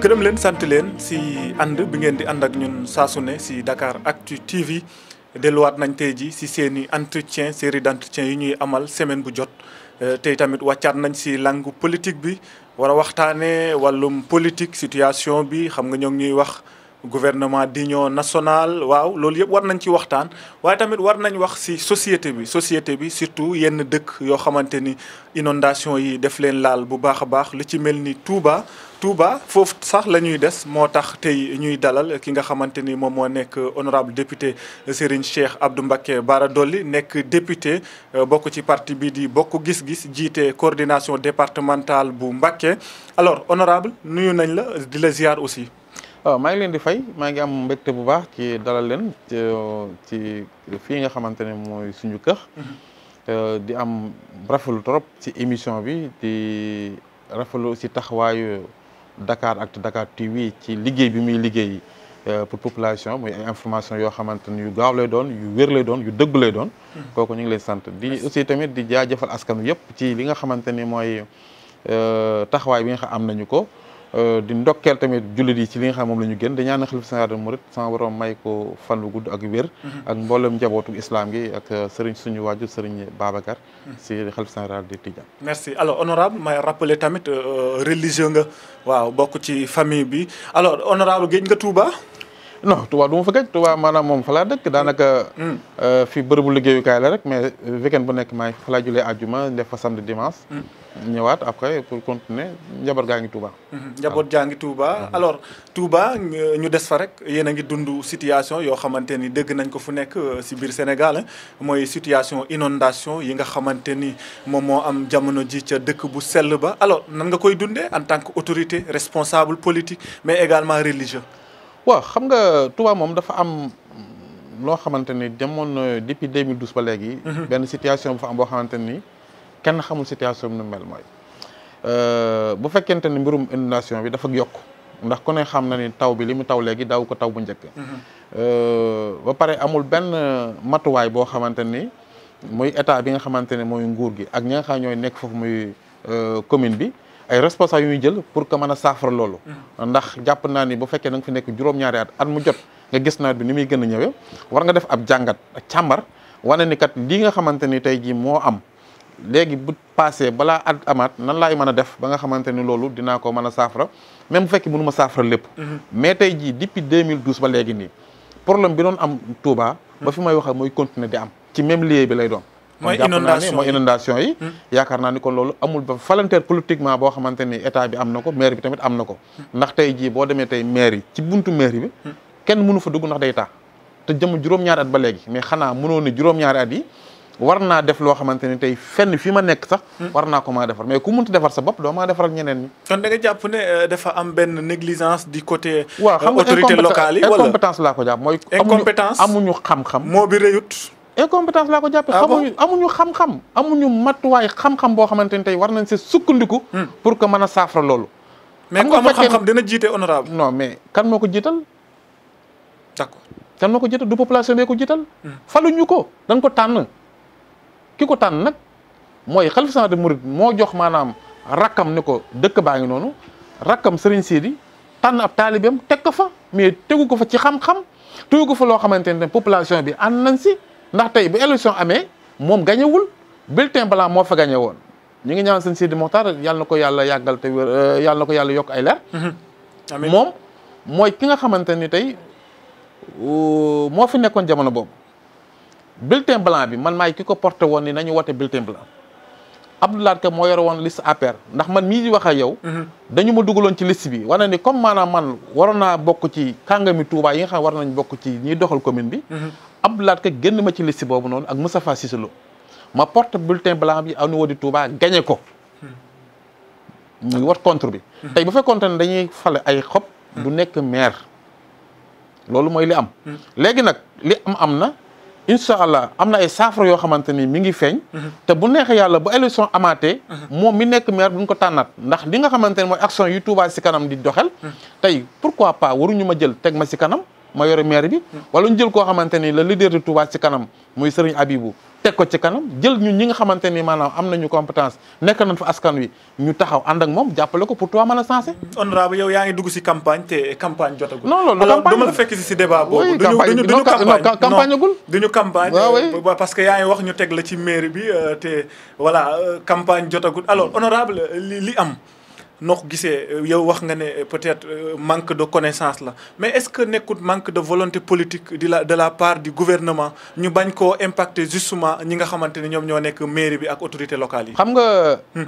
gërëm leen sant leen si ànd bi ngeen di ànd ak ñun ne si actu TV delluwaat nañ tey ji si seen i entretien série d' entretien yi ñuy amal semaine bu jot euh, tey tamit wàccaat nañ si langue politique bi war a waxtaanee wàllum politique situation bi xam nga ñoo ngi ñuy wax gouvernement d'union nationale waaw loolu yëpp war nañ ci waxtaan waaye tamit war nañ wax ci société bi société bi surtout yenn dëkk yoo xamante ni inondation yi def leen laal bu baax a baax lu ci mel ni Touba Touba foofu sax la ñuy des moo tax tey ñuy dalal ki nga xamante ni moom moo nekk honorable député Serigne Cheikh Abdou Mbacké Bara Dolly nekk député euh, bokk ci parti bi di bokk gis-gis jiite coordination départementale bu Mbacké alors honorable nuyu nañ la di la ziar aussi Euh, maa ngi leen di fay maa ngi am mbégte bu baax ci dalal leen ci fii nga xamante ne mooy suñu kër. Mm-hmm. Euh, di am rafetlu trop ci émission bi di rafetlu aussi taxawaayu Dakar ak Dakar TV ci liggéey bi muy liggéey euh, pour population muy information yoo xamante ni yu gaaw lay doon yu wér lay doon yu dëgg lay doon. Mm-hmm. kooku ñu ngi leen sant di aussi tamit di jaajëfal askan wi yëpp ci li nga xamante ni mooy taxawaay bi nga am nañu ko. Euh, di ndokkeel tamit jullit yi ci li nga xam moom la ñu génn di ñaanal xalifa général des mourides sama borom may ko fan bu gudd ak wér mhm. ak mboolem njabootu islam gi ak euh, sëriñ suñu waaju sëriñ Babacar mhm. si xalifa général di Tidiane merci alors honorable may rappeler tamit euh, religieux nga waaw bokk ci famille bi alors honorable géej nga Touba non Touba du ma fa tubaa Touba moom fa laa dëkk daanaka. Mm. Euh, fi bërëbu liggéeyukaay la rek mais weekend bu nekk maa ngi fa laa julee àjjuma def fa samedi dimanche. Mm. ñëwaat après pour continuer njaboot gaa ngi Touba. Mm-hmm. njaboot jaa ngi Touba mm-hmm. alors Touba ñu des fa rek yéen a ngi dund situation yoo xamante ni dégg nañ ko fu nekk euh, si biir Sénégal mooy situation inondation yi nga xamante ni moom moo am jamono ji ca dëkk bu sell ba alors nan nga koy dundee en tant que autorité responsable politique mais également religieux. waaw xam nga Touba moom dafa am loo xamante ni demoon na depuis 2012 ba léegi. Mhm. benn situation bu fa am boo xamante ni kenn xamul situation bi nu mel mooy. Euh, bu fekkente ni mbirum inondation bi dafa yokk ndax ko ne xam na ni taw bi li mu taw léegi daaw ko taw bu njëkk. Mhm. Euh, ba pare amul benn matuwaay boo xamante ni muy état bi nga xamante ne mooy nguur gi ak ñi nga ñooy nekk foofu muy euh, commune bi. ay responsable yu jël pour que mëna a lolu ndax japp na ni bu fekké na nga fi nek juroom ñaari at at mu jot nga gis nawet bi ni muy gëna ñëwé war nga def ab jàngat chamar wané ni kat li nga xamanteni tay ji mo am légui bu passé bala at amat nan lay mëna def ba nga xamanteni lolu dina ko mëna a même bu fekkee mënu ma saafara mhm. mais tay ji depuis 2012 ba légui ni problème bi doon am Touba ba fi may waxee moy continuer di am ci même lieu bi lay doon mooy inondation mooy inondation yi hmm. yaakaar naa ni kon loolu amul ba volontaire politiquement boo xamante ni état bi am na ko maire bi tamit am na ko hmm. ndax tey jii boo demee tey maire yi ci buntu maire bi hmm. kenn mënu fa dugg ndax day ta te jëm juróom-ñaari at ba léegi mais xanaa mënoo ni juróom-ñaari at yi war naa def loo xamante ni tey fenn fi ma nekk sax war naa ko maa defar mais ku mun munti defar sa bopp doo maa defaral ñeneen ñi kon da jàpp ne euh, dafa am benn négligence du côté waaw xam nga euh, yi wala laa ko jàpp mooy incompétence amuñu xam moo bi rëyut incompétence laa ko jàppe ah xamuñu amuñu xam-xam amuñu matuwaay xam-xam boo xamante ni tey war nañ si sukkandiku hmm. pour que mën a saafara loolu mais ku amul xam-xam dina jiite honorable non mais kan moo ko jiital d'accord kan moo ko jiital du population bee ko jiital hmm. faluñu ko danga ko tànn ki ko tànn nag mooy xalifa général des mourides moo jox maanaam rakkam ni ko dëkk baa ngi noonu rakkam Serigne Sidi tànn ab taalibeem teg ko fa mais tegu ko fa ci xam-xam tegu ko fa loo xamante ne population bi ànd nañ si ndax tey bu élection amee moom gañewul bulletin blanc moo fa gañe woon ñu ngi ñaan sëñ Sidi Mokhtar yàlla na ko yàlla yàggal te wér euh, yàlla na ko yàlla yokk ay leer. Mhm. moom mooy ki nga xamante ni tey euh, moo fi nekkoon jamono boobu. bulletin blanc bi man maay ki ko porté woon ni nañu wote bulletin blanc Abdoulaye Ka moo yore woon liste APR ndax man mii di wax ak yow. Mhm. dañu ma dugaloon ci list bi wane ni comme maanaam man waroon naa bokk ci kàngami Touba yi nga xam war nañ bokk ci ñiy doxal commune bi. Mhm. Abdou Lahad Ka génn ma ci si boobu noonu ak Moustapha Cissé Lo ma porte bulletin blanc bi au niveau du Touba gagné ko hmm. muy wat contre bi hmm. tey bu fekkoon ne dañuy fale ay xob du hmm. nekk maire loolu mooy li am léegi nag li am am na incha allah am na ay saafara yoo xamante ni mi ngi feeñ te bu neexee yàlla bu élection amaatee moom mi nekk maire bu duñ ko tànnaat ndax li nga xamante ne mooy action yu Touba si kanam di doxal tey pourquoi pas waruñu ma jël teg ma si kanam ma yore maire bi wala ñu jël koo xamante ni le leader de Touba ci kanam muy Serigne Abibou teg ko ci kanam jël ñun ñi nga xamante ni maanaam am nañu compétence nekk na fa askan wi ñu taxaw ànd ak moom jàppale ko pour toi mën a sensé honorable yow yaa ngi dugg si campagne te campagne jotagul non loolu campagne dama la fekk si si débat campagne agul duñu euh, parce que yaa ngi wax ñu teg la ci mairie bi euh, te voilà euh, campagne jotagul alors honorable li li am noo ko euh, yow wax nga euh, peut-être euh, manque de connaissances. là. mais est-ce que nekkul manque de volonté politique de la part du gouvernement ñu bañ koo impacter justement ñi nga xamante ne ñoom ñoo nekk mairie bi ak autorité locale yi. xam nga. Hmm.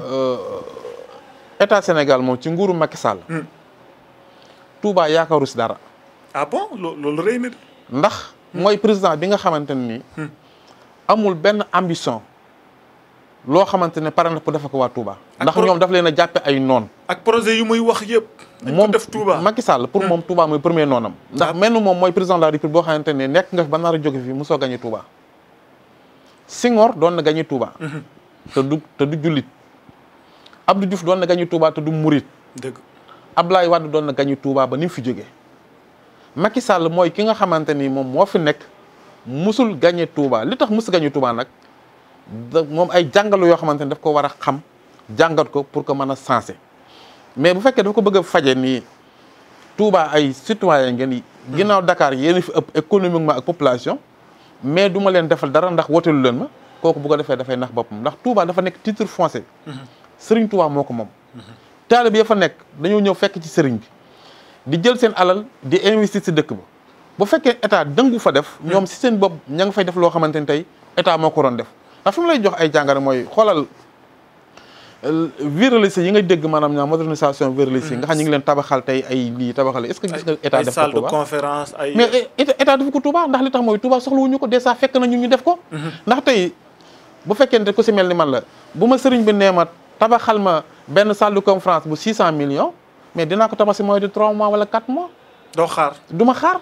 état Sénégal moom ci nguuru Macky Sall. Hmm. Touba yaakaaru dara. ah bon loolu rëy na. ndax le président bi nga xamante ne hmm. amul benn ambition. loo xamante ne pare na pour defe ko waa Touba. ndax ñoom daf leen a jàppe ay noon ak projet yu muy wax yëpp. moom def Touba Macky Sall pour hmm. moom Touba mooy premier noonam. ndax ah. mel moom mooy président de la République ne nekk nga ba nar a jóge fi mosoo gagné doon na gagné Touba. Hmm. du te du jullit. Abdou Diouf doon na gagné Touba du murit. dëgg Abdoulaye Wade doon na gagné Touba ba ni fi jógee. Macky Sall mooy ki nga xamante ni moom moo fi nekk musul gagné Touba li tax musul gagné Touba nag. moom ay jàngalu yoo xamante ne daf ko war a xam jàngat ko pour que mën a sensé mais bu fekkee dafa ko bëgg a faje nii Touba ay citoyen ngeen ginnaaw dakaar yéen fi ëpp économiquement ak population mais du ma leen defal dara ndax woteelu leen ma kooku bu ko defee dafay nax boppam ndax Touba dafa nekk titre foncier Serigne Touba moo ko moom taalibe ya fa nekk dañoo ñëw fekk ci Serigne bi di jël seen alal di investir si dëkk ba bu fekkee état dëngu fa def ñoom si seen bopp ña nga fay def loo xamante ne tey état moo ko doon def ndax mu lay jox ay jàngare mooy xoolal euh, viraliste yi nga dégg maanaam ñaa modernisation viraliste yi nga xam ñu ngi leen tabaxal tey ay lii tabaxal est-ce que gis nga état def ko Touba conférence ay mais euh, état def ko Touba ndax li tax mooy Touba soxlawuñu ko dèjà fekk na ñu ñu def ko mhm. ndax tey bu fekkente ku si mel ni man la bu ma sëriñ bi nee ma tabaxal ma benn salle de conférence bu 600 millions mais dina ko tabax si moyen de 3 mois wala 4 mois doo xaar duma xaar.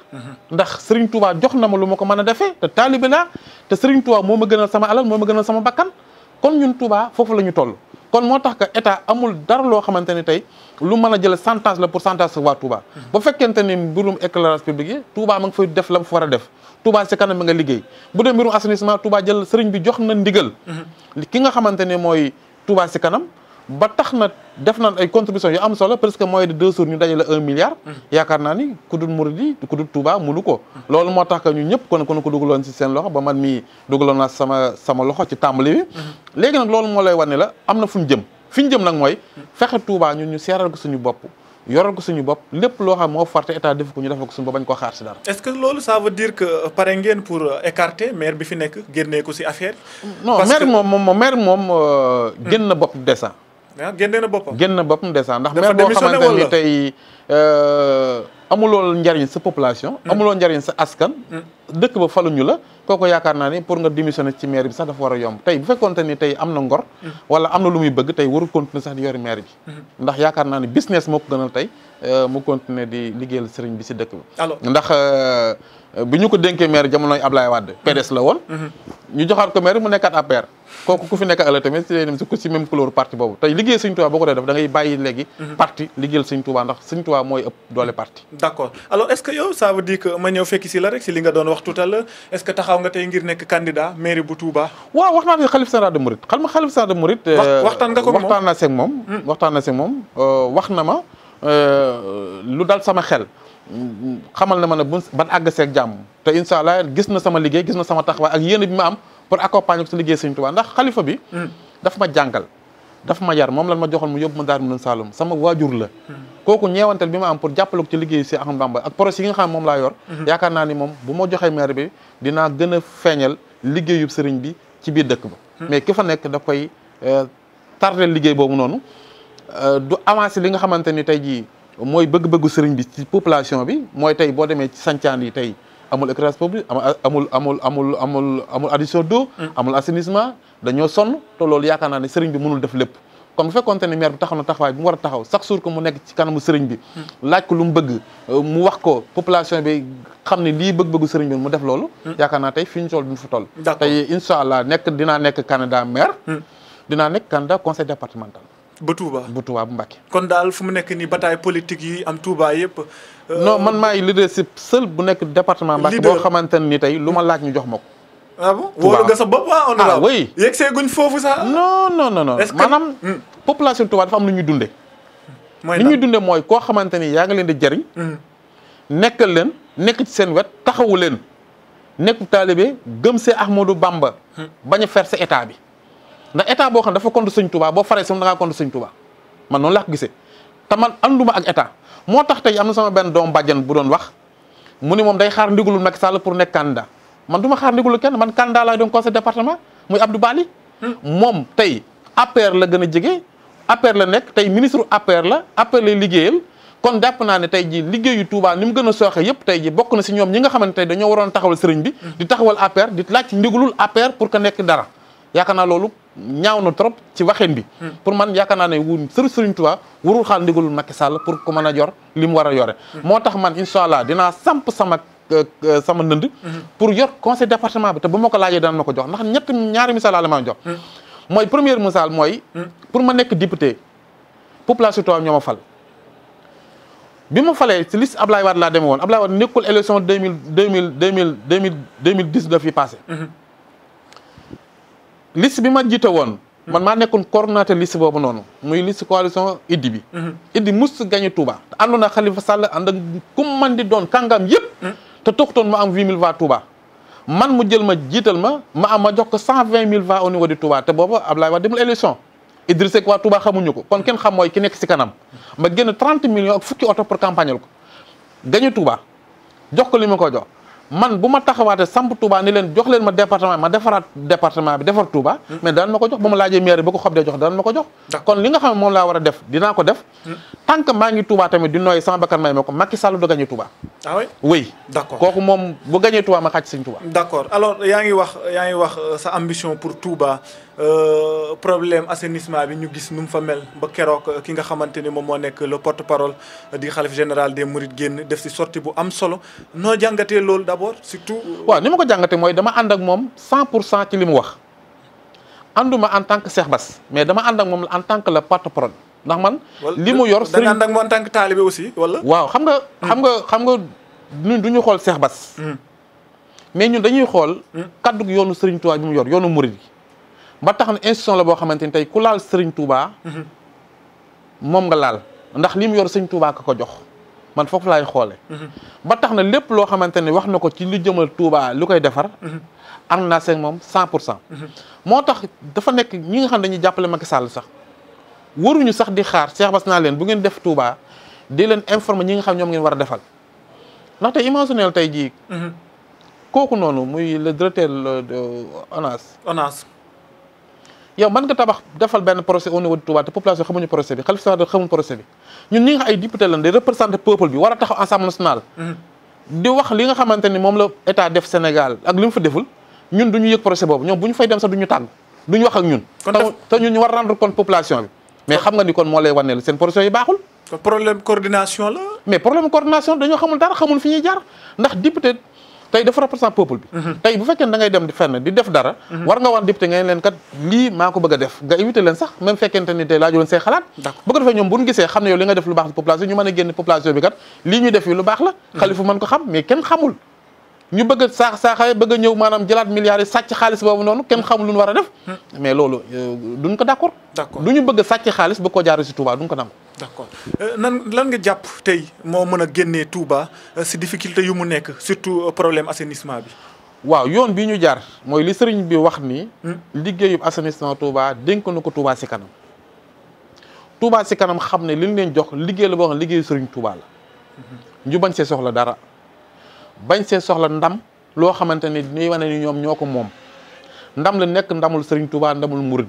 ndax Serigne Touba jox na ma lu ma ko mën a defee te taalibe laa te Serigne Touba moo ma gënal sama alal moo ma gënal sama bakkan kon ñun Touba foofu la ñu toll. kon moo tax que état amul dara loo xamante ni tey lu man a jël santage la pour santage waa Touba. ba fekkente ni mbirum éclairage public yi Touba ma nga fay def la mu fa war a def Touba ci kanam mi nga liggéey bu dee mbirum assainissement Touba jël sëriñ bi jox na ndigal. ki nga xamante ne mooy Touba ci kanam. ba tax na def na ay contribution yu am solo presque mooy de deux jours ñu dajale un milliard. yaakaar naa ni ku dul Mouridi ku dul Touba mënu ko. loolu moo tax que ñun ñëpp kon kon ko dugaloon ci seen loxo ba man mii dugaloon naa sama sama loxo ci tàmbali bi. loolu moo lay wane la am na fu ñu jëm fi ñu jëm nag mooy. fexe Touba ñun ñu seeral ko suñu bopp. yoral ko suñu bopp lépp loo xam moo farte état def ko ñu def ko suñu bopp bañ ko xaar si dara. est-ce que loolu ça veut dire que pare pour euh, écarter maire bi fi nekk génnee ko si affaire. non maire moom moom maire moom euh, hmm. génn na bopp dessin. Ah, génne na boppam génne na boppam ndeysaan ndax maire boo xamante ni tey euh, amulool njariñ sa population hmm. amulool njariñ sa askan hmm. dëkk ba faluñu la kooku yaakaar naa ni pour nga démissionner ci maire bi sax dafa war a yomb tey bu fekkoonte ni tey am na ngor mm-hmm. wala am na lu muy bëgg tey warul continuer sax di yori maire bi mm-hmm. ndax yaakaar naa ni business moo ko gënal tey euh, mu continuer di liggéeyal sëriñ bi ndax euh, bi ñu mm-hmm. mooy ëpp doole parti d'accord est-ce que yow ça veut dire ma ñëw fekk si la rek si li nga doon wax wax tout à l'heure est-ce que taxaw nga tey ngir nekk candidat mairie bu Touba. waaw wax naa ne xalif général de Mouride xam nga xalif général de Mouride. Euh, waxtaan nga ko moom waxtaan naa seeg moom. Hmm. waxtaan naa moom euh, wax na ma euh, lu daal sama xel. xamal na ma ne bu ban àgg seeg jàmm te incha allah gis na sama liggéey gis na sama taxawaay ak yéen bi ma am pour accompagner ko si liggéey Sëriñ Tuubaa ndax xalifa bi. Hmm. daf ma jàngal. dafa ma yar moom la ma joxoon mu yóbbu ma daar mu leen Saalum sama waajur la kooku ñeewantel bi ma am pour jàppale ko ci liggéey si Ahmadou Bamba ak projet yi nga xam ne moom laa yor mhm. yaakaar naa ni moom bu ma joxee maire bi dinaa gën a feeñal liggéeyub sëriñ bi ci biir dëkk ba mhm. mais ki fa nekk daf koy euh, tardel liggéey boobu noonu euh, du avance li nga xamante ni tey jii mooy bëgg-bëggu sëriñ bi ci population bi mooy tey boo demee ci sancaan yi tey amul éclairage public amul amul amul amul amul adduction d'eau mm. amul assainissement dañoo sonn te loolu yaakaar naa ne sëriñ bi mënul def lépp kon bu fekkoonte ne maire bi taxaw na taxawaay bi a taxaw chaque jour que mu nekk ci kanamu sëriñ bi mm. laaj ko lu mu bëgg euh, mu wax ko population bi xam ne lii bëgg-bëggu sëriñ bi mu def loolu mm. yaakaar naa tey fi ñu toll duñu fa toll tey incha allah nekk dinaa nekk candidat maire dinaa nekk candidat conseil départemental bu Touba bu tubaa bu Mbacké kon daal fu mu nekk nii bataille politique yi am Touba yëpp Euh, non man maay leadership seul bu nekk département Mbacké boo xamante ne ni tey lu ma laaj ñu jox ma ko. ah bon wóolu sa bopp ah. ah guñ foofu sax. non non non non maanaam hmm. population Touba dafa am lu ñuy dunde mooy li ñuy dundee mooy koo xamante ni yaa ngi leen di jariñ. Hmm. nekkal leen nekk ci seen wet taxawu leen nekku taalibe gëm see Ahmadou Bamba. Hmm. bañ a ferse état bi. ndax état boo xam ne dafa contre sëñ Touba boo faree sama da ngaa contre sëñ Touba man noonu laa gisee te man anduma ak état. moo tax tey am na sama benn doom bàjjan bu doon wax mu ni moom day xaar ndigalu Macky Sall pour nekk candidat man du ma xaar ndigalu kenn man candidat laay doon conseil département muy Abdou Bali moom tey APR la gën a jege APR la nekk tey ministre APR la APR lay liggéeyal kon jàpp naa ne tey ji liggéeyu Touba ni mu gën a sooxe yépp tey ji bokk na si ñoom ñi nga xamante ne dañoo waroon taxawal sëriñ bi di taxawal APR di laaj ndigalul APR pour que nekk dara yaakaar naa loolu ñaaw na trop ci waxin bi. Hmm. pour man yaakaar naa ne wu sëriñ sëriñ Tuubaa warul xaal ndigalul Macky Sall pour ku mën a yor li mu war a yore. Hmm. moo tax man incha allah dinaa samp sama euh, euh, sama ndënd. Hmm. pour yor conseil département bi te bu ma ko laajee daan ma ko jox ndax ñett ñaari misaal la ma jox. mooy première misaal mooy. pour ma nekk député population Tivaouane ñoo ma fal. bi ma falee ci liste laa demee woon Ablaye Wade nekkul élection deux mille deux liste bi ma jiite woon. Hmm. man maa nekkoon coordonnateur liste boobu noonu muy liste coalition Iddi bi. Hmm. Iddi mus gañu Touba. te àndoon ak Khalifa Sall ànd ak ku man di doon kàngam yëpp. Hmm. te toon ma am 8000 voix Touba. man mu jël ma jiital ma ma am ma jox ko cent voix mille niveau de Touba te boobu Ablaye Wade demul élection. Idrissa Seck waa Touba xamuñu ko kon kenn xam mooy ki nekk si kanam. ma génn 30 millions ak fukki oto pour campagnal ko. gañu Touba jox ko li ma ko jox. man buma de Touba ni jox len ma département ma défarat département mais de jox maire bako jox dal jox. kon li nga la def ko hmm. tant que ngi Touba tamit sama may du ah oui oui. D'accord. mom bu Touba ma Touba. alors y'a wax y'a wax euh, sa ambition pour Touba. Euh, problème assainissement bi ñu gis fa mel ba euh, ki nga le porte parole euh, di Khalif général des Mourides de def ci sortie bu am solo no jangate lool d'abord surtout. wa ni ko que dama and ak 100 ci limu wax en tant que Cheikh mais dama and ak en tant que le porte parole. ndax man limu yor en tant que aussi wala. wa hmm. xam nga xam nga xam hmm. nga mais ñun dañuy xol hmm. kaddu yoonu ba tax na institution la boo xamante ni tey ku laal Serigne Touba. moom nga laal ndax li mu yor Serigne Touba ka ko jox man foofu laay xoole ba tax na lépp loo xamante ni wax na ko ci lu jëmal Touba lu koy defar. am naa seen moom cent pour cent. moo tax dafa nekk ñi nga xam dañuy jàppale Macky Sall sax waruñu sax di xaar Cheikh Bass naa leen bu ngeen def Touba di leen informer ñi nga xam ñoom ngeen war a defal ndaxte imaginel tey jii. Mhm. kooku noonu muy le directeur de ONAS. yow man nga tabax defal benn projet au xamuñu projet bi ñun ñi ay député lañ di représenter peuple bi war a taxaw nationale mhm. di wax li nga xamante ni moom la état def Sénégal ak li mu fa deful ñun du ñu yëg projet boobu ñoom bu ñu fay dem sax du ñu tànn du ñu wax ak ñun te ñun ñu war rendre compte population bi mais xam nga ni kon moo lay waneel seen projet yi baaxul problème coordination la mais problème coordination dañoo xamul dara xamul fi ñuy jaar ndax député tey dafa représenté peuple bi mhm. tey bu fekkee da ngay dem di di def dara mhm. war nga wax député ngeen leen kat lii maa ko a def nga invité leen sax même fekkente ni tey laajuloon say xalaat bu defee ñoom bu ñu gisee xam ne yow li nga def lu baax la a génn population bi kat lii ñu mhm. xalifu mën ko xam mais kenn xamul ñu bëgg a saax saaxaay bëgg ñëw maanaam jëlaat milliards yi sàcc xaalis boobu noonu kenn xamul lu ñu war a def mais loolu euh, duñ ko d'accord duñu bëgg a sàcc xaalis ba koo jaare si Touba duñ ko d' euh, nan lan nga jàpp tey moo mën a Touba euh, si difficulté yu mu nekk surtout euh, problème assainissement bi. waaw yoon bi ñu jaar mooy li sëriñ bi wax ni. Hmm. liggéeyub assainissement Touba dénk na ko Touba si kanam. Touba si kanam xam ne li ñu leen jox liggéey la boo xam liggéeyu sëriñ Touba la. Hmm. ñu bañ see soxla dara bañ soxla ndam loh xamante ne dañuy wane ni ndam la nekk ndamul tuba, Touba ndamul murid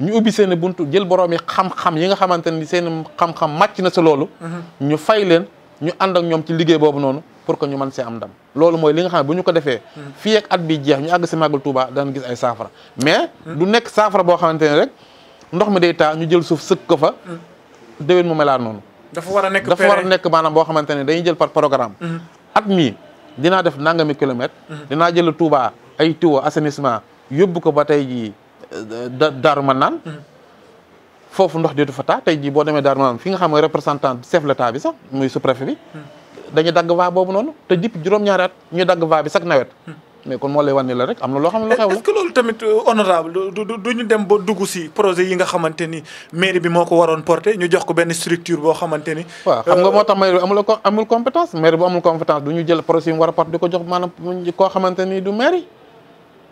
ñu ubbi seen buntu jël borom yi xam-xam yi nga xamanteni ni seen xam-xam màcc na ci lolu ñu fay leen ñu and ak ñom ci liggéey bobu noonu pour que ñu man ci am ndam. lolu moy li nga xam buñu ko fi ak at bi jeex ñu ag ci Touba daan gis ay saafara. mais du nek safra bo xamanteni rek ndox mi day ta ñu jël suuf sëkk ko fa. déwén mu melal noonu. dafa wara nek dafa wara nek manam bo xamanteni xamante dañuy jël par programme. at mi dina def nangami kilomètre. dina jël Touba ay tuwa assainissement yobbu ko batay ji Daaru Manaan hmm. foofu ndox deetu fa taa tey jii boo demee Daaru Manaan fi nga xam ne représentant chef l'état bi sax muy sous-préfet bi hmm. dañuy dagg vaa boobu noonu bi chaque nawet hmm. mais na loo xam ne lu xew euh, dugg si projet yi nga xamante ni mairie bi moo ko waroon ñu jox ko benn structure boo xamante ni waaw xam euh, a porté di ko jox maanaam koo xamante du mairie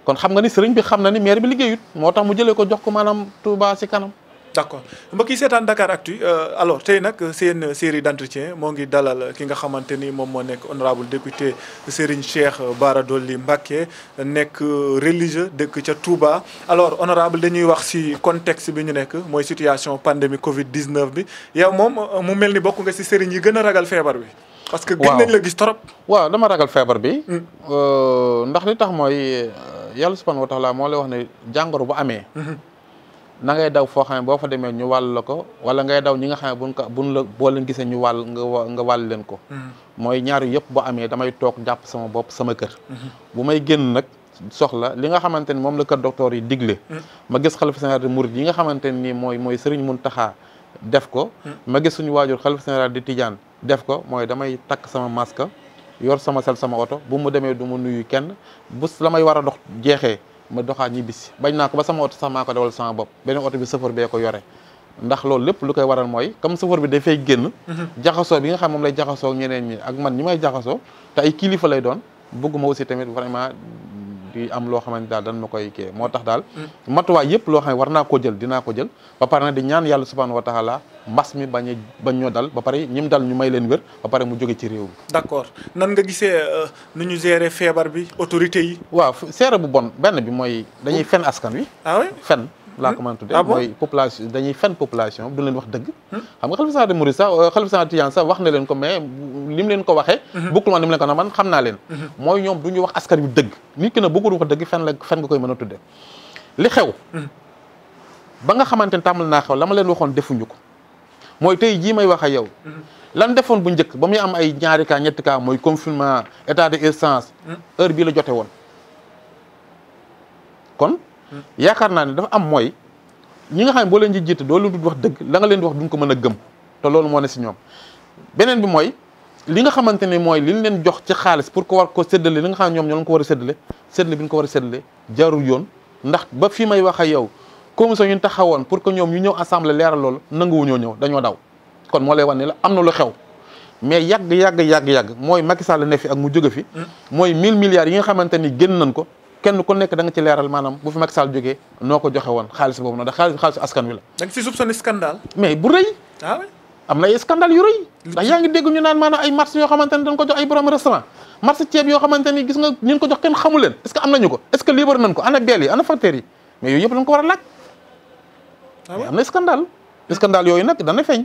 kon xam nga ni sëriñ bi xam na ni maire bi liggéeyut moo tax mu jëlee ko jox ko maanaam Touba si kanam. d'accord mbokk yi seetaan Dakar Actu euh, alors tey nag seen série d'entretien moo ngi dalal ki nga xamante ni moom moo nekk honorable député Serigne Cheikh Bara Dolly Mbacké nekk religieux dëkk ca Touba. alors honorable dañuy wax ci contexte bi ñu nekk mooy situation pandémie Covid 19 bi yow moom mu mel ni bokk nga ci sëriñ yi gën a ragal feebar bi. parce que gën nañ la waaw dama ragal feebar bi. Hmm. Euh, ndax li tax mooy yàlla subhanahu wa laa moo lay wax ne jàngoro bu amee na ngay daw foo xam ne boo fa demee ñu wàll la ko wala ngay daw ñi nga xam ne buñ ko buñ la boo leen gisee ñu wàll nga nga wàll leen ko mooy ñaari yëpp bu amee damay toog jàpp sama bopp sama kër bu may génn nag soxla li nga xamante ni moom la kër docteur yi digle ma gis xalifa général de Mouride yi nga xamante ni mooy mooy Serigne Mountakha def ko hmm. ma gis suñu waajur xalifa général de Tidiane def ko mooy damay takk sama masque yor sama sel sama oto bu mu demee du ma nuyu kenn bu la may war a dox jeexee ma doxaa ñibbisi bañ naa ko ba sama oto sax maa ko dawal sama bopp beneen oto bi chauffeur bee ko yore ndax loolu lépp lu koy waral mooy comme chauffeur bi dafay génn mhm. jaxasoo bi nga xam moom lay jaxasoo ak ñeneen ñi ak man ñi may jaxasoo te ay kilifa lay doon bëgguma aussi tamit vraiment yu am loo xamante daal dañ ma koy kee moo tax daal mm. matuwaay yëpp loo xam ne war naa ko jël dina ko jël ba pare na di ñaan yàlla subhanahu wa taala mbas mi bañ bañ ñoo dal ba pare ñim dal ñu may leen wér ba pare mu jóge ci réew mi d'accord nan nga gisee euh, nu ñu seere feebar bi autorité yi waaw seere bu bon benn bi mooy dañuy fen askan wi ah fen laa ko mën a tuddee ah mooy population dañuy fen population du leen wax dëgg hmm? xam nga xalifa saa de Mouride sax xalifa euh, saa Tijaan sax wax na leen ko mais li leen ko waxee hmm? bokkul man ni leen ko na man xam naa leen hmm? mooy ñoom du ñu wax askan wi dëgg nit ki na bëggul wax dëgg fen la fen nga koy mën a tuddee li xew ba nga xamante ne tàmbali naa xew la ma leen waxoon defuñu ko mooy tey jii may wax a yow lan defoon bu njëkk ba muy am ay ñaari ka ñetti ka mooy confinement état d'urgence heure bii la jote woon kon yaakaar naa ne dafa am mooy ñi nga xam ne boo leen di jiite doo leen di wax dëgg la nga leen di wax duñ ko mën a gëm te loolu moo ne si ñoom beneen bi mooy li nga xamante ne mooy li nu leen jox ci xaalis pour ko war ko séddale li nga xam ne ñoom ñoo ko war a séddale séddale bi ñu war a séddale jaarul yoon ndax ba fi may wax ak yow commission ñu taxawoon pour que ñoom ñu ñëw assemblée leeral loolu nanguwuñoo ñëw dañoo daw kon moo lay wan ne la am na lu xew mais yàgg yàgg yàgg yàgg mooy Macky Sall ne fi ak mu jóge fi mm. mooy mille milliards yi nga xamante ni génn nañ ko kenn ku nekk danga ci leeral maanaam bu fi Macky Sall jógee noo ko joxe woon xaalis boobu noonu ndax xaalis xaalisu askan wi la. da mais bu rëy. Ah am na ay yu rëy. ndax ñu naan maanaam ay marché yoo xamante ne dañ ko jox ay borom restaurant. marché ceeb yoo xamante ni gis ko jox kenn xamu leen est ce que am ko est ce que ko ana beel ana facteurs mais yooyu yëpp dañ ko war a laaj. Ah am na scandale. scandale yooyu nag dana feeñ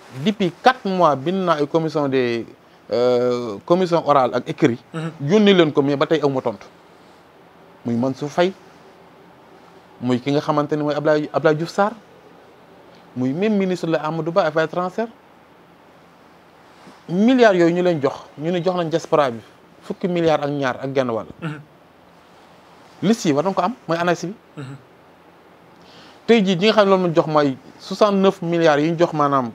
depuis quatre mois bind naa ay commission des euh, commission orale ak écrit mhm. yónni leen ko mais ba tey aw ma tontu muy Mansour Faye muy ki nga xamante ni mooy Ablaye Ablaye Diouf Sarr muy même ministre la Amadou Ba affaires transfert milliards yooyu ñu leen jox ñu ne jox nañ diaspora bi fukki milliards ak ñaar ak genn wàll mhm. liste yi war nañ ko am mooy ANACIM bi mhm. tey jii ñi nga xam ne loolu jox may soixante neuf milliards yi jox maanaam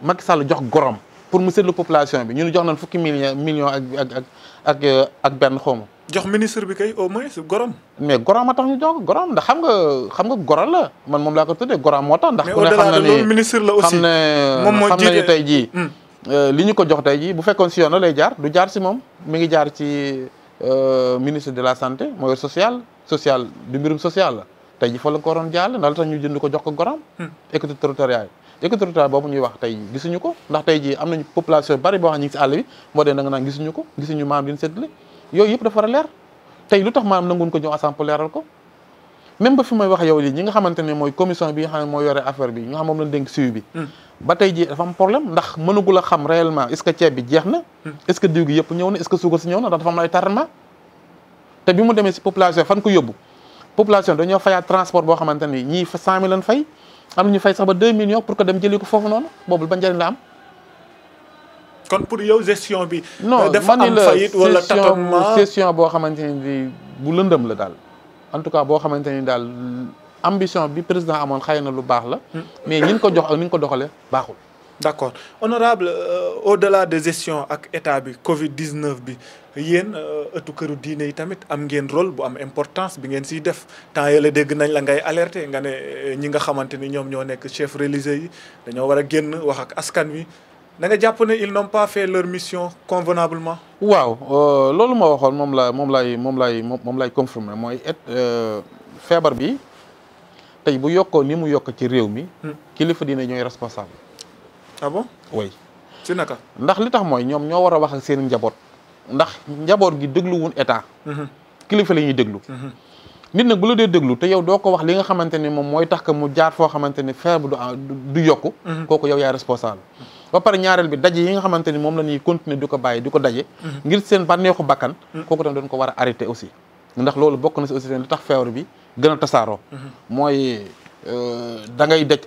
Macky Sall jox gorom pour mu seetlu population bi ñu ne jox nañ fukki million million ak ak ak benn xawma jox ministre bi kay au moins gorom. mais gorom a tax ñu jox gorom ndax nga xam nga gorom la man moom laa ko tuddee gorom moo tax. ndax ku na ni ministre la aussi xam na ni tey jii. Hmm. Euh, li ñu ko jox tey jii bu fekkoon si yoon la lay jaar du jaar si moom mi ngi jaar ci euh, ministre de la santé mooy social social du mbirum social la tey jii fa la ko waroon jàll ndax la tax ñu jënd ko jox ko gorom. Hmm. équité territoriale écoute territoriale boobu ñuy wax tey gisuñu ko ndax tey ji am nañu population bari boo xam ñu ngi si àll bi moo dee da nga naan a leer tey ba fi may wax yow ñi nga xamante ne mooy commission bi nga xam ne bi nga xam moom lañ dénk suivi bi hmm. ba a xam réellement est ce que bi jeex na hmm. est ce que diw gi yëpp ñëw na est ce si ñëw na ndax dafa am ay tarrement te bi mu demee si population fan ko yóbbu population dañoo fayaat transport boo xamante ni ñii cent mille lañ fay am ñu fay sax ba 2 millions pour que dem jëli ko foofu noonu boobu ba njëriñ la am. kon pour yow gestion bi. Euh, dafa am faillite wala tâtonnement gestion boo xamante ni bu lëndëm la daal. en tout cas boo xamante ni daal ambition bi président amoon xëy na lu baax la. Hmm. mais ñi ko jox ak ni ñu ko doxalee baaxul. d'accord honorable euh, au-delà de gestion avec état bi Covid 19 bi yéen euh, ëttu këru diine tamit am ngeen rôle bu am importance bi ngeen ci def temps yële dégg nañ la ngay alerter nga ne euh, ñi nga xamanteni ñom ñoo chef religieux yi dañoo war a wax ak askan wi da nga japp ne ils n'ont pas fait leur mission convenablement. waaw lolu ma waxoon mom la mom la mom la mom la confirmer moy et feebar bi tay bu yokko ni mu yokk ci réew mi. Hmm. kilifa diine ñoy responsable. ah bon oui ci naka ndax li tax mooy ñoom ñoo war a wax ak seen njaboot ndax njaboot gi dégluwun état mhm. kilifa la ñuy déglu mhm. nit nag bu la dee déglu te yow doo ko wax li nga xamante ne moom mooy tax que mu jaar foo xamante ne feebar du du yokku mhm. kooku yow yaay responsable ba pare ñaareel bi daje yi nga xamante ni moom la ñuy continuer di ko bàyyi di ko daje ngir seen bànneexu bakkan kooku tam doon ko war a arrêté aussi ndax loolu bokk na si aussi li tax feebar bi gën a tasaaroo mooy euh, da ngay daj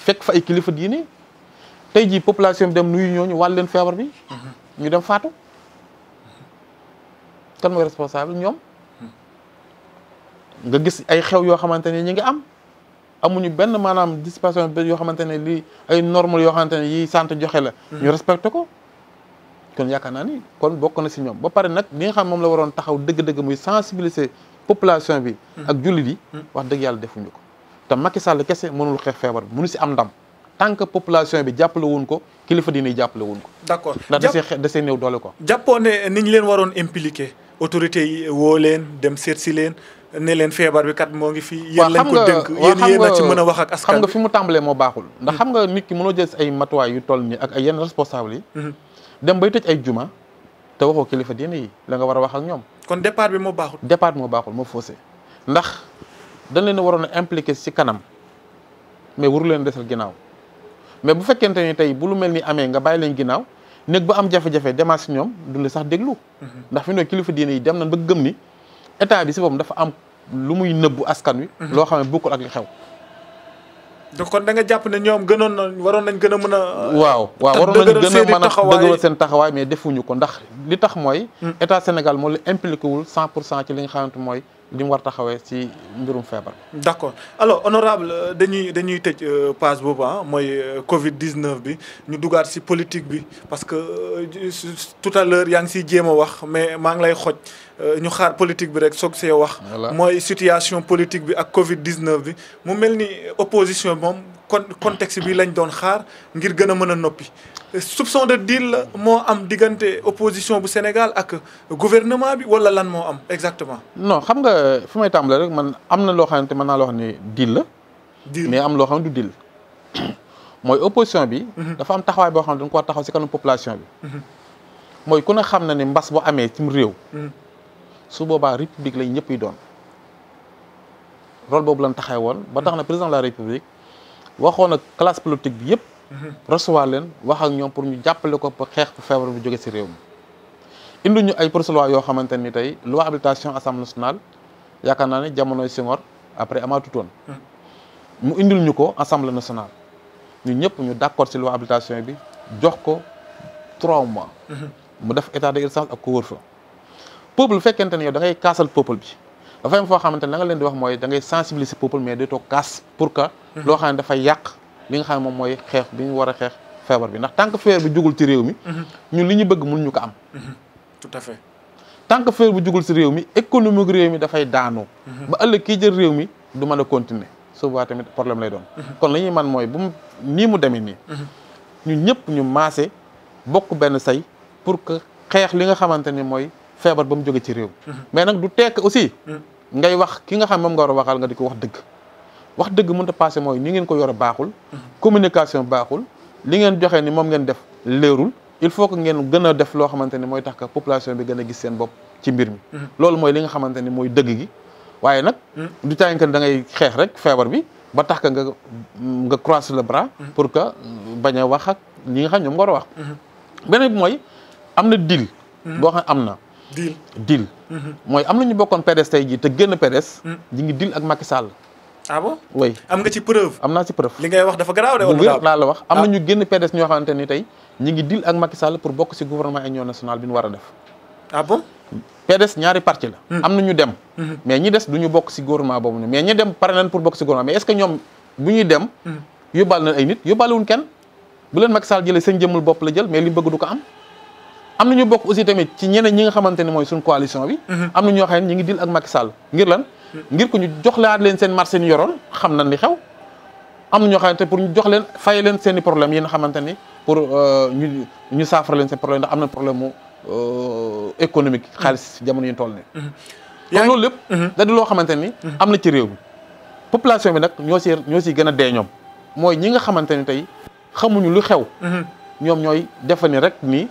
fekk fa ay kilifa diine tey jii population bi dem nuyu ñooñu wàll leen feebar bi. Mhm. ñu dem faatu. kan mooy responsable ñoom. Mhm. nga gis ay xew yoo xamante ne ñu ngi am. amuñu benn maanaam dissipation yoo xamante ne lii ay normes yoo xamante ne yi santé joxe la. ñu mhm. respecté ko. kon yaakaar naa ni kon bokk na si ñoom ba pare nag li nga xam moom la waroon taxaw dëgg-dëgg muy sensibiliser population bi. ak jullit yi. wax dëgg yàlla defuñu ko. te Macky Sall kese mënul xeex feebar bi mënu si am ndam tant que population bi jàppale wuñ ko kilifa dinañ jàppale wuñ ko. d'accord da ci da see néew doole ko. jappone niñ leen waroon impliqué autorité yi wo leen dem seet leen ne leen feebar bi kat mo ngi fi. yéen lañ ko dënk yéen yéen ci mëna wax ak askan xam nga fi mu tàmbalee moo baaxul. ndax xam nga nit ki mëno jël ay matuwaay yu toll ni ak ay yenn responsable yi. Mhm. dem bay tëj ay juma te waxo kilifa diine yi la nga wara wax ak ñom kon départ bi mo baxul départ mo baxul mo fossé ndax dañ leen waroon a impliqué si kanam mais waru leen desal ginnaaw mais bu fekkente ni tey bu lu mel ni amee nga bàyyi leen ginnaaw néeg ba am jafe-jafe ñoom duñ la sax déglu. Mhm. ndax fi mu kilifa diine yi dem nañ ba gëm ni bi si boppam dafa am lu muy nëbbu askan wi. Mhm. loo xam ne bokkul ak li xew. donc kon da nga jàpp ne ñoom gënoon na waroon nañ gën mën a. waaw waaw waroon nañ gën a mën a seen taxawaay mais defuñu ko ndax li tax mooy. Mm. état Sénégal moo la impliqué wul 100 pour cent ci li nga xamante mooy li mu war taxawé ci mbirum feebar. d'accord alors honorable euh, dañuy dañuy tëj euh, passe boobu ah, moy euh, Covid 19 bi ñu dugaat ci politique bi parce que tout à l'heure yaa ngi ciy wax mais ma ngi lay xoj ñu xaar politique bi rek soog see wax. moy situation politique bi ak Covid 19 bi mu melni opposition mom contexte bi lañ doon xaar ngir gëna mëna noppi soupçon de deal mo am diganté opposition bu Sénégal ak gouvernement bi wala lan mo am exactement. non xam nga fumay tambalé rek man amna lo loo xamante mën naa loo deal la. mais am lo xamné du deal moy opposition bi. Mhm. dafa am taxaway bo xamné ne dañ ko taxaw ci kanam population bi. moy mhm. ku ne xam na ne mbas bu amee cim réew. Mhm. su Boba république lay ñëpp yi doon rôle bobu lañ taxawee won ba tax na président de la république waxoon na classe politique bi yépp recevoir len wax ak ñom pour ñu jappalé ko pour xeex fièvre bi joggé ci réew mi indu ñu ay projet loi yo xamanteni tay loi habilitation assemblée nationale yakana ni jamono ci ngor après amatu ton mu indul ñuko assemblée nationale ñu ñep ñu d'accord ci loi habilitation bi jox ko 3 mois mu def état d'urgence ak couvre-feu peuple bu fekkente yow da ngay kaasal peuple bi da fay foo xamante ne la nga leen di wax moy da ngay sensibiliser peuple mais de to casse pour que lo xamanteni da fay yak li nga xam ne moom mooy xeex bi ñu war a xeex feebar bi ndax tant que feebar bi jugul ci réew mi. ñun li ñu bëgg mun ñu ko am. tout à fait. tant que feebar bu jugul si réew mi économique réew mi dafay daanoo ba ëllëg kii jël réew mi du mën a continuer su boobaa tamit problème lay doon. kon li ñuy man mooy bu mu nii mu demee nii. ñun ñëpp ñu maase bokk benn say pour que xeex li nga xamante ni mooy feebar ba mu jóge ci réew. mais nag du tekk aussi. ngay wax ki nga xam moom nga war a waxal nga di ko wax dëgg. wax dëgg mënut a passé mooy ni ngeen ko yore baaxul. communication baaxul li ngeen joxe ni moom ngeen def leerul il faut que ngeen gën a def loo xamante ni mooy tax que population bi gën a gis seen bopp ci mbir mi. Mm-hmm. loolu mooy li nga xamante ne mooy dëgg gi waaye nag. Mm-hmm. du caa da ngay xeex rek feebar bi ba tax nga nga croiser le bras. Mm-hmm. pour que bañ a wax ak ñi nga xam ñoom nga war a wax. beneen bi mooy am na deal. boo xam am na. deal deal. mooy am na ñu bokkoon PDS tey jii te génn PDS. ñu ngi deal ak Macky Sall. ah bon oui am nga ci preuve am naa ci preuve li ngay wax dafa garaaw de wala laa la wax am ah. ñu génn PDS ñoo xamante ni ñi ngi deal ak Macky Sall pour bokk ci gouvernement union nationale bi ñu def ah bon PDS ñaari parti la hmm. am na ñu dem hmm. mais ñi des du ñu bokk ci gouvernement boobu ne mais ñi dem pare nañ pour bokk ci gouvernement mais est-ce que ñoom bu ñuy dem hmm. yóbbaal nañ ay nit yóbbaale wuñ kenn bu leen Macky Sall jëlee seen jëmul bopp la jël mais li bëgg du ko am am ñu bokk aussi tamit ci ñeneen ñi nga xamante ne suñu coalition bi am na ñoo ñi ngi deal ak Macky Sall ngir lan ngir ko ñu jox laat leen seen marché ni yoroon xam nañ ni xew am na ñoo xamante pour ñu jox leen fay leen seen i problème yi nga xamante ni pour euh, ñu ñu saafara leen seen problème am na problème mu euh, économique xaalis jamono yi toll nii. Mm-hmm. yaa loolu mm-hmm. loo xamante ni. Mm-hmm. am na ci réew mi population bi nag ñoo si ñoo si gën a dee ñoom mooy ñi nga xamante ni tey xamuñu lu xew. ñoom ñooy defa ni rek nii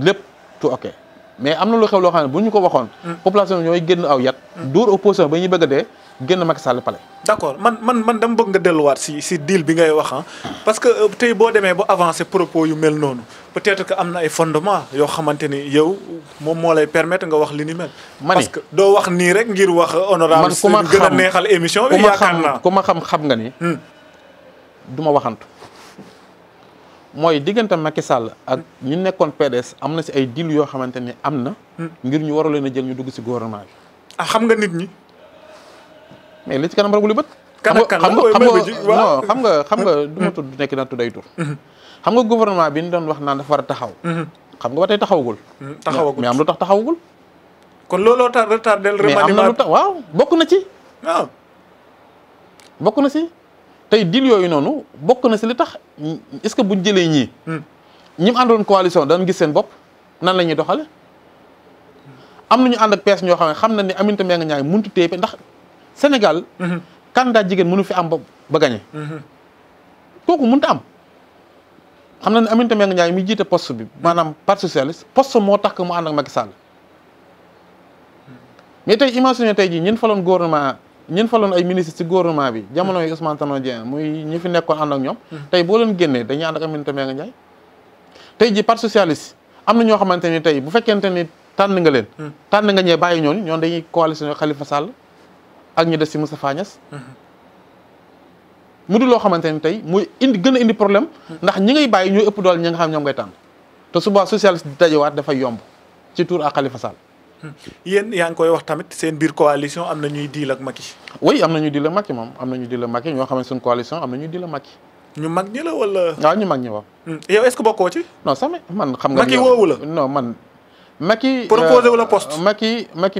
lépp tout ok. mais am na lu xew loo xam ne bu ñu ko waxoon. Hmm. population ñooy génn aw yat. Hmm. dóor opposition ba ñuy bëgg de dee génn Macky Sall pale. man man man dama bëgg nga delluwaat si si deal bi ngay wax ah. parce que euh, tey boo demee ba avancé propos yu mel noonu peut-être que am na ay fondement yoo xamante ni yow moom moo lay permettre nga wax li ni mel. mani parce doo wax nii rek ngir wax. honorable man ku ma xam neexal émission bi yaakaar naa ku ma xam xam nga ni. Hmm. du ma waxantu. mooy diggante Macky Sall ak ñu nekkoon PDS am na si ay deal yoo xamante ni am na. Hmm. ngir ñu waru leen a jël ñu dugg si gouvernement ah, xam nga nit ñi. mais li ci kanam rek lu bët. kan ak xam nga xam nga hmm. du ma tudd nekk naa tudd hmm. xam nga gouvernement bi ñu doon wax naan dafa war a taxaw. xam nga ba tey taxawagul. am lu tax kon looloo tax retardé. remaniement mais am na lu tax waaw bokk na ci. waaw ah. bokk na si. tay dil yooyu noonu bokk na ci li tax est-ce buñ jëlee ñii. Hmm. ñi mu andone coalition dañu gis seen bop nan lañuy ñuy doxale am nañu and ak PS ño xamné xamna ni na ne Aminata Mbengue Ndiaye mënut a ndax Sénégal. Hmm. candidat jigen mënu fi am bop ba gagné. Hmm. koku mënut a am. xamna ni ne Aminata Mbengue mi jité poste bi manam parti socialiste poste mo tax mu and ak Macky Sall mais tay imaginer tey jii ñun faloon gouvernement ñun faloon ay ministre ci gouvernement bi jamono yi Ousmane Tanor Dieng muy ñu fi nekkoon ànd ak ñoom tey boo leen génnee dañuy ànd ak Aminata Mbengue tey ji parti socialiste am na ñoo xamante ni tey bu fekkente ni tànn nga leen hmm. tànn nga ñee bàyyi ñooñu ñoom dañuy coalition Khalifa Sall ak ñu des ci Moustapha Niass hmm. mu du loo xamante ni tey muy indi gën a indi problème hmm. ndax ñi ngay bàyyi ñooy ëpp doole ñu nga xam ñoom ngay tànn te suba socialiste di dajewaat dafay yomb ci tour ak Khalifa Sall yéen yaa ngi koy wax tamit seen biir coalition am na ñuy diil ak Macky. oui am na ñuy diil ak Macky moom am na ñuy diil ak Macky ñoo xam ne suñu coalition am na ñuy diil ak Macky. ñu mag ñi la wala. waaw ah, ñu mag ñi waaw. Hmm. yow est-ce que bokkoo ci. non sama man xam nga. Macky woowu la non man. Macky euh, proposé wu la poste.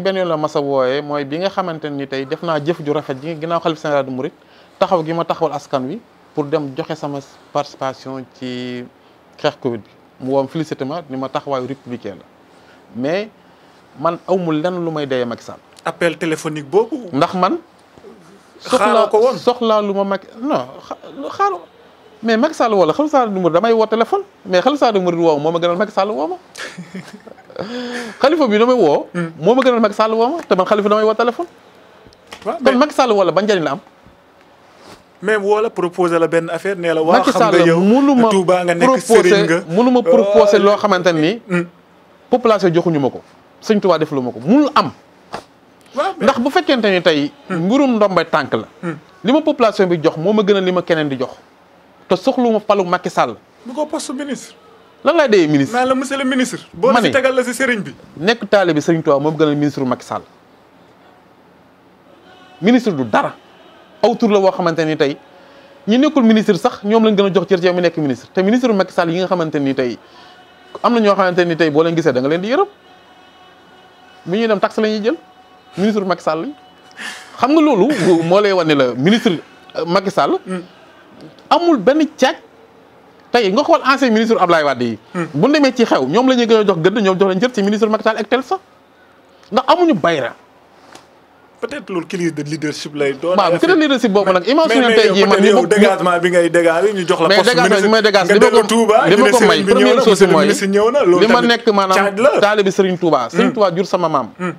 benn yoon la masa wooyee mooy bi nga xamante ni tey def naa jëf ju rafet ji ginnaaw xalif général du Murid taxaw gi ma taxawal askan wi pour dem joxe sama participation ci xeex Covid bi mu woom félicité ni ma taxawaayu républicain la man awmul lenn lu may deye Macky Sall appel téléphonique boobu. ndax man. soxlaa ko woon soxlaa lu ma Macky non xaaru mais Macky Sall woo la Khalifa Sall damay woo téléphone mais Khalifa Sall numéro woo moo ma gënal Macky Sall woo ma bi damay woo. Hmm. moo ma gënal Macky Sall woo ma te man xalifa damay woo téléphone. waaw mais kon Macky woo la ban njëriñ la am. mais woo la proposé la benn affaire nee la. waa xam nga yow Touba nga nekk Serigne ma proposé mënu oh. loo xamante nii hmm. population joxuñu ma ko. sëñ Tuubaa def lu ma ko munul am ndax bu ni tey mbirum ndombay tànk la hmm. li ma population bi jox moo ma gën a li ma keneen di jox te soxluma palu Macky Sall bu ko poste ministre lan laay dee ministre la monsieur le ministre boo si tegal la si sëriñ bi nekk taale bi sëriñ Tuubaa moom gën a ministre Macky Sall ministre du dara aw tur la woo xamante ni tey ñi nekkul ministre sax ñoom lañ gën a jox cër ci yow mi nekk ministre te ministre Macky Sall yi nga xamante ni tey am na ñoo xamante ni tey boo leen gisee da nga leen di yërëm mi ñuy dem taxe la ñuy jël ministre Macky Sall xam nga loolu moo lay wane la ministre euh, Macky Sall hmm. amul benn caaj tey nga xool ancien ministre Ablaye Wade yi hmm. bu demee ci xew ñoom la ñuy gën a jox gëdd ñoom jox lañ jër ci ministre Macky Sall ak tel sax ndax amuñu bayra peut-être loolu crise de leadership lay doon. waaw crise de leadership mooy hmm. sama maam hmm.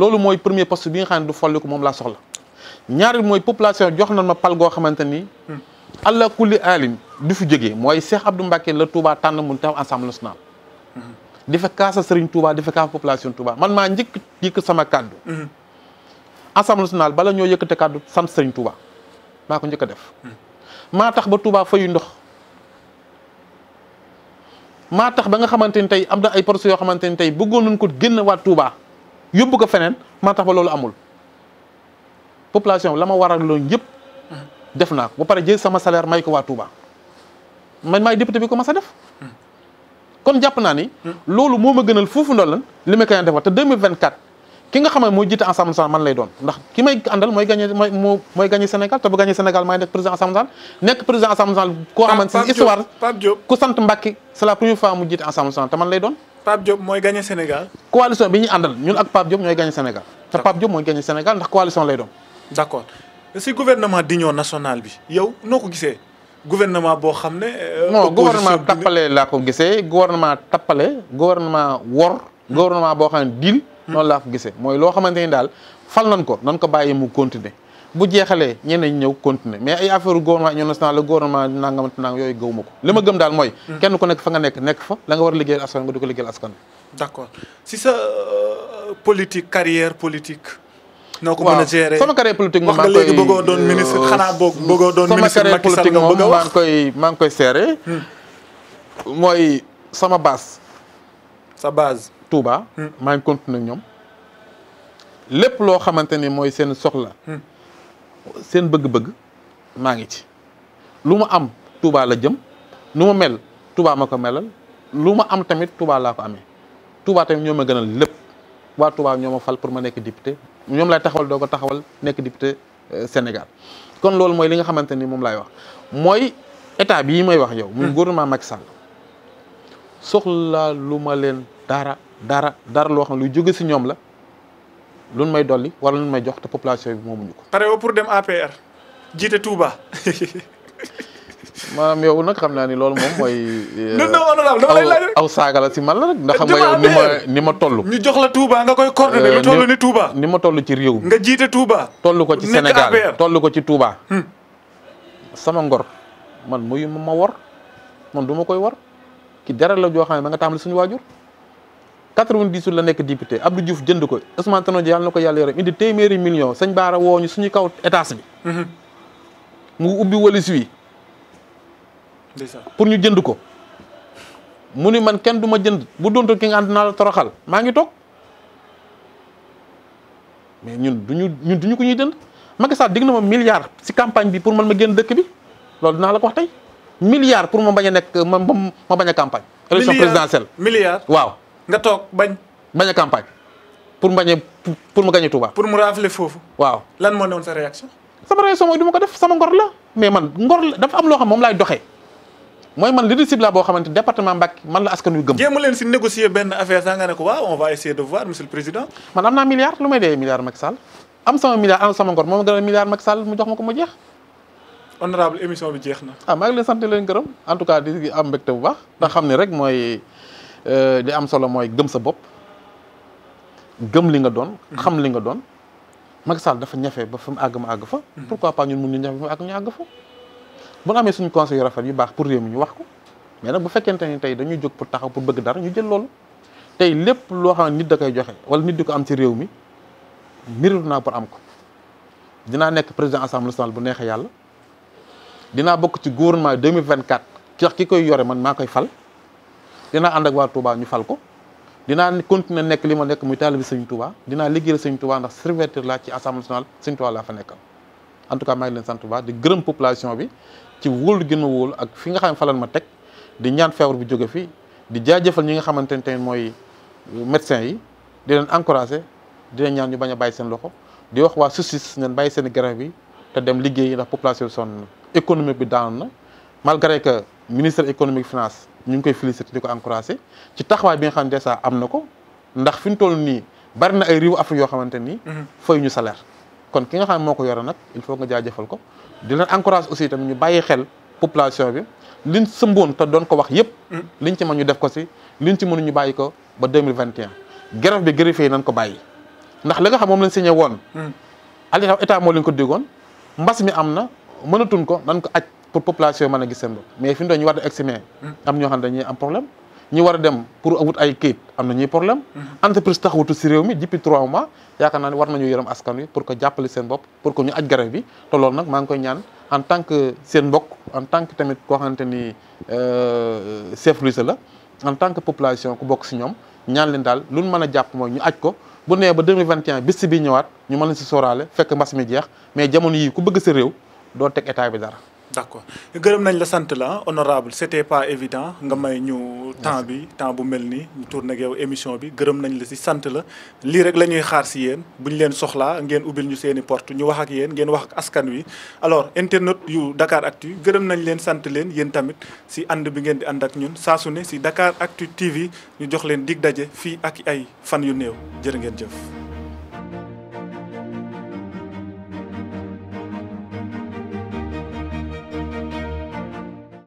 loolu mooy premier poste bi nga xam ne du folli ko moom laa soxla ñaari mooy population jox na ma pal goo xamante ni hmm. allah kulli alim du fi jógee mooy Cheikh Abdou Mbacké la Touba tànn mu taw Assemblée nationale di fa kaasa Serigne Touba di fa kaasa population Touba man maa njëkk njëkk sama kàddu assemblée nationale bala ñoo yëkkate kàddu sant Serigne Touba maa ko njëkk def. maa tax ba Touba fayu ndox maa tax ba nga xamante ni tey am na ay projets yoo xamante ni tey bëggoon nañ ko génn waa Touba yóbbu ko feneen maa tax ba loolu amul population la ma waral loolu yëpp def naa ko ba pare jël sama salaire may ko waa Touba man maay député bi ko ma a def. Hmm. kon jàpp naa ni. Hmm. loolu moo ma gënal foofu ndolan li ma koy defal te 2024. ki nga xam ne mooy jiite Assemblée nationale man lay doon ndax ki may àndal mooy gagné mooy mooy gagné Sénégal te bu gagné Sénégal maay nekk président Assemblée nationale nekk président Assemblée nationale koo xamante si histoire ku sant Mbacké c'est la première fois mu jiite bi ñu àndal ñun ak Pape Diop ñooy boo xam ne euh, non gouvernement tappale laa ko gisee gouvernement tappale gouvernement wor gouvernement boo xam ne dil noonu laa ko gisee mooy loo xamante ni daal fal nan ko nan ko bàyyi mu continuer bu jeexalee ñeneen ñëw continuer mais ay affaire gouvernement union nationale le gouvernement nangam nangam yooyu gëwuma ko li ma gëm daal mooy mm. kenn ku nekk fa nga nekk nekk fa la nga war a liggéeyal askan nga di ko askan d'accord si sa euh, politique carrière politique noo ko a gérer sama carrière politique moom wax nga léegi bëggoo doon ministre euh, xanaa boog bëggoo doon ministre sama carrière politique moom maa ngi koy maa ngi koy seere hmm. mooy sama base sa base Touba. Hmm. ma ngi continuer ak ñoom lépp loo xamante ni mooy soxla. Hmm. sen bëgg-bëgg ma ngi ci. luma am Touba la jëm nu mel Touba mako melal luma am tamit Touba la ko amé Touba tamit ñoma gënal lepp wa Touba ñoma fal pour ma nekk député ñom lay taxawal doo taxawal nekk député euh, Sénégal kon lool moy li nga xamanteni mom lay wax moy état bi may wax yow. muy hmm. gouvernement Macky Sall. soxla luma len dara dara dara lo xam lu joge ci ñom la luñ may doli wala luñ may jox te population bi moomuñu ko. pare wo pour dem APR jité Touba. manam yow nak xamna ni lool mom moy non non non dama lay laaj aw saga la ci man la nak ndax xam nga yow ni ma ni ma ñu jox la Touba nga koy coordonner lu tollu eh, ni Touba. ni ma ci rew nga jité Touba. tollu ko ci Sénégal tollu ko ci Touba. Hmm. sama ngor man muyu ma wor man duma koy wor ki dara la jo xamne ma nga tamal suñu wajur 90 la nek député Abdou Diouf jënd ko Ousmane Tanor Dieng nako yalla ko indi téméré million sëñ Baara woñu suñu kaw étage bi. Mhm. mu ubbi walis wi. pour ñu jënd ko. mu ni man kenn duma jënd bu doonto ki nga andal la toroxal ma ngi tok mais ñun duñu ñun duñu ko ñuy dënd Makassar Sall na ma milliard si campagne bi pour man ma gën dëkk bi loolu dina la ko wax tay milliards pour ma bañ a nekk ma ma campagne. élection présidentielle milliards waaw. nga tok bañ. baña campagne pour baña pour mo gagner Touba. pour mo rafler fofu waaw lan mo newoon sa réaction. sama réaction moy duma ko def sama ngor la mais man ngor la dafa am lo xam mom lay doxé moy man leadership la bo xamanteni département Mbacké man la askan wi gëm. jéem a leen si négocier ben affaire sa nga ne ko waaw on va essayer de voir monsieur le président. man amna naa milliard lu may dee milliard Macky Sall am sama milliard am sama ngor mom gën a milliard Macky Sall mu jox mako ko mu jeex. honorable émission bi jeex na. ah maa ngi leen sant leen gërëm en tout cas di am mbégte bu baax. ndax xam ne rek mooy li euh, am solo mooy gëm sa bopp gëm li nga doon. xam li nga doon. Macky Sall dafa ñafe ba fu mu àgg ma àgg fa. Mm-hmm. pourquoi pas ñu ñafe ba fa fa. bu ñu amee suñu conseil yu rafet yu baax pour réew mi ñu wax ko mais nag bu fekkente ni tey dañuy jóg pour taxaw pour bëgg dara ñu jël loolu. tey lépp loo xam ne nit da koy joxe wala nit di ko am ci réew mi mérite naa pour am ko dinaa nekk président assemblée nationale bu neexee yàlla. dinaa bokk ci gouvernement 2024 ki wax ki koy yore ma maa koy fal dinaa ànd ak waa Touba ñu fal ko dinaa continuer nekk li ma nekk muy bi Sëñ Touba dina liggéeyal Sëñ Touba ndax serviteur laa ci assemblée nationale Sëñ Touba laa fa nekkal en tout cas maa ngi leen sant bu di gërëm population bi ci wóolu gën ma wóolu ak fi nga xam ne falal ma teg di ñaan feebar bu jóge fii di jaajëfal ñi nga xamante ne tamit mooy médecins yi di leen encouragé di leen ñaan ñu bañ bàyyi seen loxo di wax waa susis ngeen bàyyi seen i garab yi te dem liggéeyi ndax population sonn na économique bi daanu na malgré que ministre économique finance ñu ngi koy féliciter di ko encourager ci taxawaay bi nga xam ne déjà am na ko ndax fi mu toll nii bari na ay réewu Afrique yoo xamante ni. Mhm. fay ñu salaire. kon ki nga xam ne moo ko yore nag il faut nga jaajëfal ko di leen aussi tamit ñu bàyyi xel population bi liñ sëmboon te doon ko wax yëpp. Mhm. liñ ci mën ñu def ko si liñ ci mënu ñu bàyyi ko ba deux mille vingt et un bi greffier yi nañ ko bàyyi ndax li nga xam moom lañ signé woon. Mhm. Aliou moo leen ko déggoon mbas mi am na. mënatuñ ko nan ko aj pour population mën a gis seen bopp mais fi mu doon ñu war a am ñoo xam ne dañuy am problème ñu war a dem pour ay kayit am na ñuy problème mm-hmm. entreprise taxawutu si réew mi depuis trois yaakaar naa ne war nañu yërëm askan wi pour que jàppale seen bopp pour que ñu aj garab bi koy ñaan en tant que seen mbokk en tant tamit koo xamante ni euh, chef religieux la en tant que population ku bokk si ñoom ñaan leen daal lu ñu mën a jàpp mooy ñu aj ko bu nee ba 2021 bis bi ñëwaat ñu mën leen si sóoraale fekk mbas mi jeex mais jamono yii ku bëgg sa réew doo teg état bi dara. d'accord gërëm nañ la sant la honorable cete pas évident nga may ñu temps bi temps bu mel nii ñu tourné ak yow émission bi gërëm nañ la si sant la lii rek la ñuy xaar si yéen bu ñu leen soxlaa ngeen ubbil ñu seeni porte ñu wax ak yéen ngeen wax askan wi alors internet yu Dakar Actu gërëm nañ leen sant leen yéen tamit si ànd bi ngeen di ànd ak ñun saa su ne si Dakar Actu TV ñu jox leen dig daje fii ak ay fan yu néew jër ngeen jëf